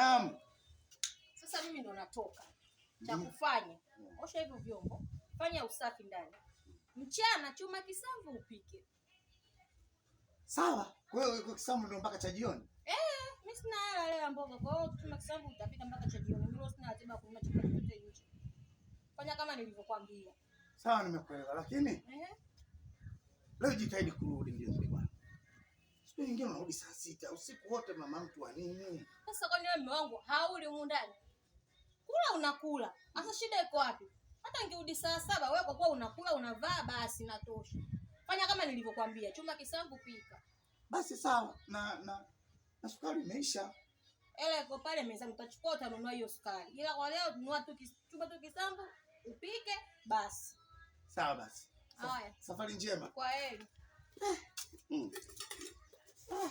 Naam. Sasa mimi ndo natoka cha kufanya osha hivyo vyombo, fanya usafi ndani, mchana chuma kisamvu upike. Sawa, kwa hiyo iko kisamvu ndo mpaka cha jioni. Eh, mimi sina hela leo mboga, kwa hiyo chuma kisamvu utapika mpaka cha jioni. Mimi sina ratiba ya kununua chakula chote nje. Fanya kama nilivyokuambia. Sawa, nimekuelewa, lakini eh, leo jitahidi kurudi ndio bwana. Siku nyingine unarudi saa sita usiku wote, mama mtu wa nini? Sasa kwani wewe mume wangu hauli humu ndani? Kula unakula. Sasa shida iko wapi? Hata ngirudi saa saba wewe kwa kuwa unakula unavaa basi natosha. Fanya kama nilivyokuambia, chuma kisangu pika. Basi sawa na na na sukari imeisha. Ele iko pale meza utachukua utanunua hiyo sukari. Ila kwa leo tunua tu chuma tu kisambu upike basi. Sawa basi. Haya. Safari njema. Kwaheri. Eh, hmm. Ah. Mm. Ah.